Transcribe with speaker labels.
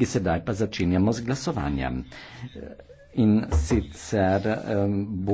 Speaker 1: ki sedaj pa začenjamo z glasovanjem. In sicer bo.